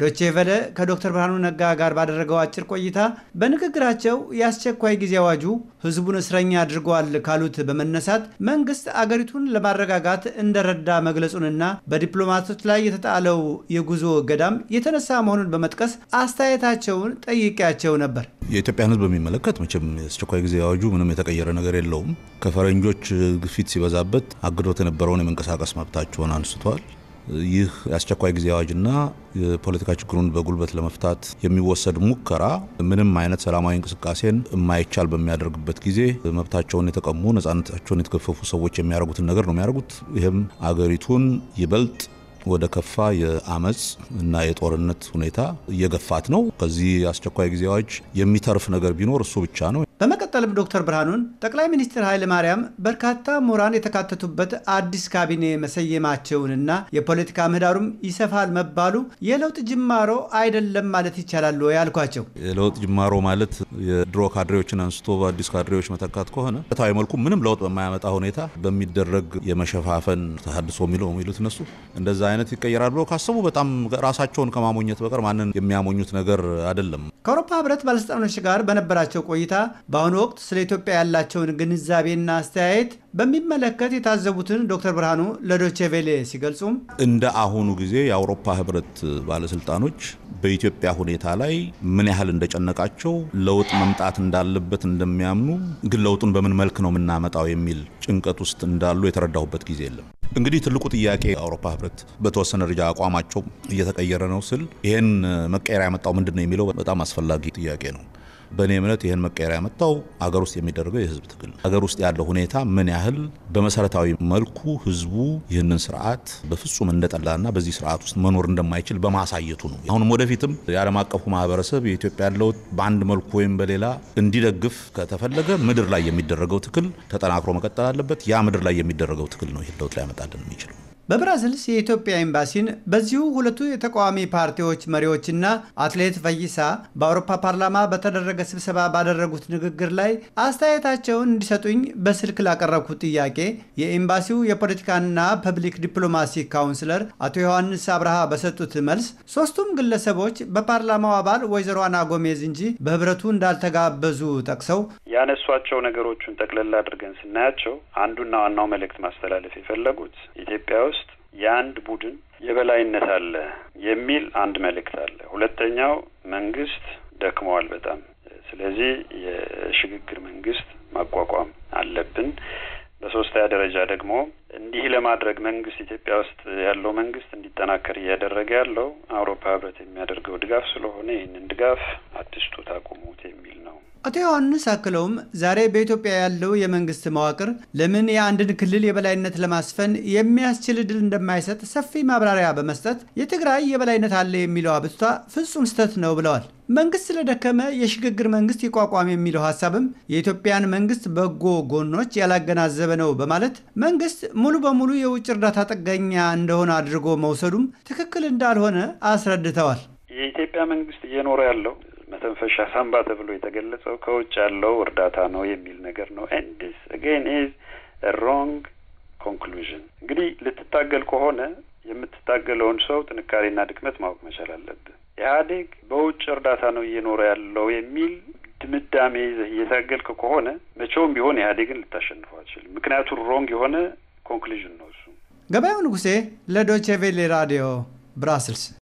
ዶቼ ቨለ ከዶክተር ብርሃኑ ነጋ ጋር ባደረገው አጭር ቆይታ በንግግራቸው የአስቸኳይ ጊዜ አዋጁ ህዝቡን እስረኛ አድርገዋል ካሉት በመነሳት መንግስት አገሪቱን ለማረጋጋት እንደረዳ መግለጹንና በዲፕሎማቶች ላይ የተጣለው የጉዞ እገዳም የተነሳ መሆኑን በመጥቀስ አስተያየታቸውን ጠይቄያቸው ነበር። የኢትዮጵያን ህዝብ በሚመለከት መቼም የአስቸኳይ ጊዜ አዋጁ ምንም የተቀየረ ነገር የለውም። ከፈረንጆች ግፊት ሲበዛበት አግዶት የነበረውን የመንቀሳቀስ መብታቸውን አንስቷል። ይህ የአስቸኳይ ጊዜ አዋጅና የፖለቲካ ችግሩን በጉልበት ለመፍታት የሚወሰድ ሙከራ ምንም አይነት ሰላማዊ እንቅስቃሴን የማይቻል በሚያደርግበት ጊዜ መብታቸውን የተቀሙ ነጻነታቸውን የተገፈፉ ሰዎች የሚያደርጉትን ነገር ነው የሚያደርጉት። ይህም አገሪቱን ይበልጥ ወደ ከፋ የአመፅ እና የጦርነት ሁኔታ እየገፋት ነው። ከዚህ አስቸኳይ ጊዜ አዋጅ የሚተርፍ ነገር ቢኖር እሱ ብቻ ነው። በመቀጠልም ዶክተር ብርሃኑን ጠቅላይ ሚኒስትር ኃይለ ማርያም በርካታ ምሁራን የተካተቱበት አዲስ ካቢኔ መሰየማቸውንና የፖለቲካ ምህዳሩም ይሰፋል መባሉ የለውጥ ጅማሮ አይደለም ማለት ይቻላል ያልኳቸው፣ የለውጥ ጅማሮ ማለት የድሮ ካድሬዎችን አንስቶ በአዲስ ካድሬዎች መተካት ከሆነ በታዊ መልኩ ምንም ለውጥ በማያመጣ ሁኔታ በሚደረግ የመሸፋፈን ተሀድሶ የሚለው የሚሉት እነሱ እንደዛ አይነት ይቀየራል ብሎ ካሰቡ በጣም ራሳቸውን ከማሞኘት በቀር ማንን የሚያሞኙት ነገር አይደለም። ከአውሮፓ ህብረት ባለስልጣኖች ጋር በነበራቸው ቆይታ በአሁኑ ወቅት ስለ ኢትዮጵያ ያላቸውን ግንዛቤና አስተያየት በሚመለከት የታዘቡትን ዶክተር ብርሃኑ ለዶቼቬሌ ሲገልጹም እንደ አሁኑ ጊዜ የአውሮፓ ህብረት ባለስልጣኖች በኢትዮጵያ ሁኔታ ላይ ምን ያህል እንደጨነቃቸው፣ ለውጥ መምጣት እንዳለበት እንደሚያምኑ፣ ግን ለውጡን በምን መልክ ነው የምናመጣው የሚል ጭንቀት ውስጥ እንዳሉ የተረዳሁበት ጊዜ የለም። እንግዲህ ትልቁ ጥያቄ የአውሮፓ ህብረት በተወሰነ ደረጃ አቋማቸው እየተቀየረ ነው ስል ይህን መቀየር ያመጣው ምንድን ነው የሚለው በጣም አስፈላጊ ጥያቄ ነው። በእኔ እምነት ይህን መቀየር ያመጣው አገር ውስጥ የሚደረገው የህዝብ ትግል ነው። አገር ውስጥ ያለው ሁኔታ ምን ያህል በመሰረታዊ መልኩ ህዝቡ ይህንን ስርዓት በፍጹም እንደጠላና በዚህ ስርዓት ውስጥ መኖር እንደማይችል በማሳየቱ ነው። አሁንም ወደፊትም የዓለም አቀፉ ማህበረሰብ የኢትዮጵያን ለውጥ በአንድ መልኩ ወይም በሌላ እንዲደግፍ ከተፈለገ ምድር ላይ የሚደረገው ትግል ተጠናክሮ መቀጠል አለበት። ያ ምድር ላይ የሚደረገው ትግል ነው ይህ ለውጥ ሊያመጣልን የሚችለው። በብራዚልስ የኢትዮጵያ ኤምባሲን በዚሁ ሁለቱ የተቃዋሚ ፓርቲዎች መሪዎችና አትሌት ፈይሳ በአውሮፓ ፓርላማ በተደረገ ስብሰባ ባደረጉት ንግግር ላይ አስተያየታቸውን እንዲሰጡኝ በስልክ ላቀረብኩት ጥያቄ የኤምባሲው የፖለቲካና ፐብሊክ ዲፕሎማሲ ካውንስለር አቶ ዮሐንስ አብርሃ በሰጡት መልስ ሶስቱም ግለሰቦች በፓርላማው አባል ወይዘሮ አና ጎሜዝ እንጂ በህብረቱ እንዳልተጋበዙ ጠቅሰው ያነሷቸው ነገሮቹን ጠቅለል አድርገን ስናያቸው አንዱና ዋናው መልእክት ማስተላለፍ የፈለጉት ኢትዮጵያ ውስጥ የአንድ ቡድን የበላይነት አለ የሚል አንድ መልእክት አለ። ሁለተኛው መንግስት ደክመዋል በጣም ስለዚህ የሽግግር መንግስት ማቋቋም አለብን። በሶስተኛ ደረጃ ደግሞ እንዲህ ለማድረግ መንግስት ኢትዮጵያ ውስጥ ያለው መንግስት እንዲጠናከር እያደረገ ያለው አውሮፓ ህብረት የሚያደርገው ድጋፍ ስለሆነ ይህንን ድጋፍ አትስጡት፣ አቁሙት የሚል አቶ ዮሐንስ አክለውም ዛሬ በኢትዮጵያ ያለው የመንግስት መዋቅር ለምን የአንድን ክልል የበላይነት ለማስፈን የሚያስችል እድል እንደማይሰጥ ሰፊ ማብራሪያ በመስጠት የትግራይ የበላይነት አለ የሚለው አቤቱታ ፍጹም ስህተት ነው ብለዋል። መንግስት ስለደከመ የሽግግር መንግስት ይቋቋም የሚለው ሀሳብም የኢትዮጵያን መንግስት በጎ ጎኖች ያላገናዘበ ነው በማለት መንግስት ሙሉ በሙሉ የውጭ እርዳታ ጥገኛ እንደሆነ አድርጎ መውሰዱም ትክክል እንዳልሆነ አስረድተዋል። የኢትዮጵያ መንግስት እየኖረ ያለው መተንፈሻ ሳምባ ተብሎ የተገለጸው ከውጭ ያለው እርዳታ ነው የሚል ነገር ነው። ኤንድስ አገን ኢዝ ሮንግ ኮንክሉዥን። እንግዲህ ልትታገል ከሆነ የምትታገለውን ሰው ጥንካሬና ድክመት ማወቅ መቻል አለብን። ኢህአዴግ በውጭ እርዳታ ነው እየኖረ ያለው የሚል ድምዳሜ ይዘህ እየታገልክ ከሆነ መቼውም ቢሆን ኢህአዴግን ልታሸንፈው አትችልም። ምክንያቱም ሮንግ የሆነ ኮንክሉዥን ነው እሱ። ገበያው ንጉሴ ለዶቼ ቬሌ ራዲዮ ብራስልስ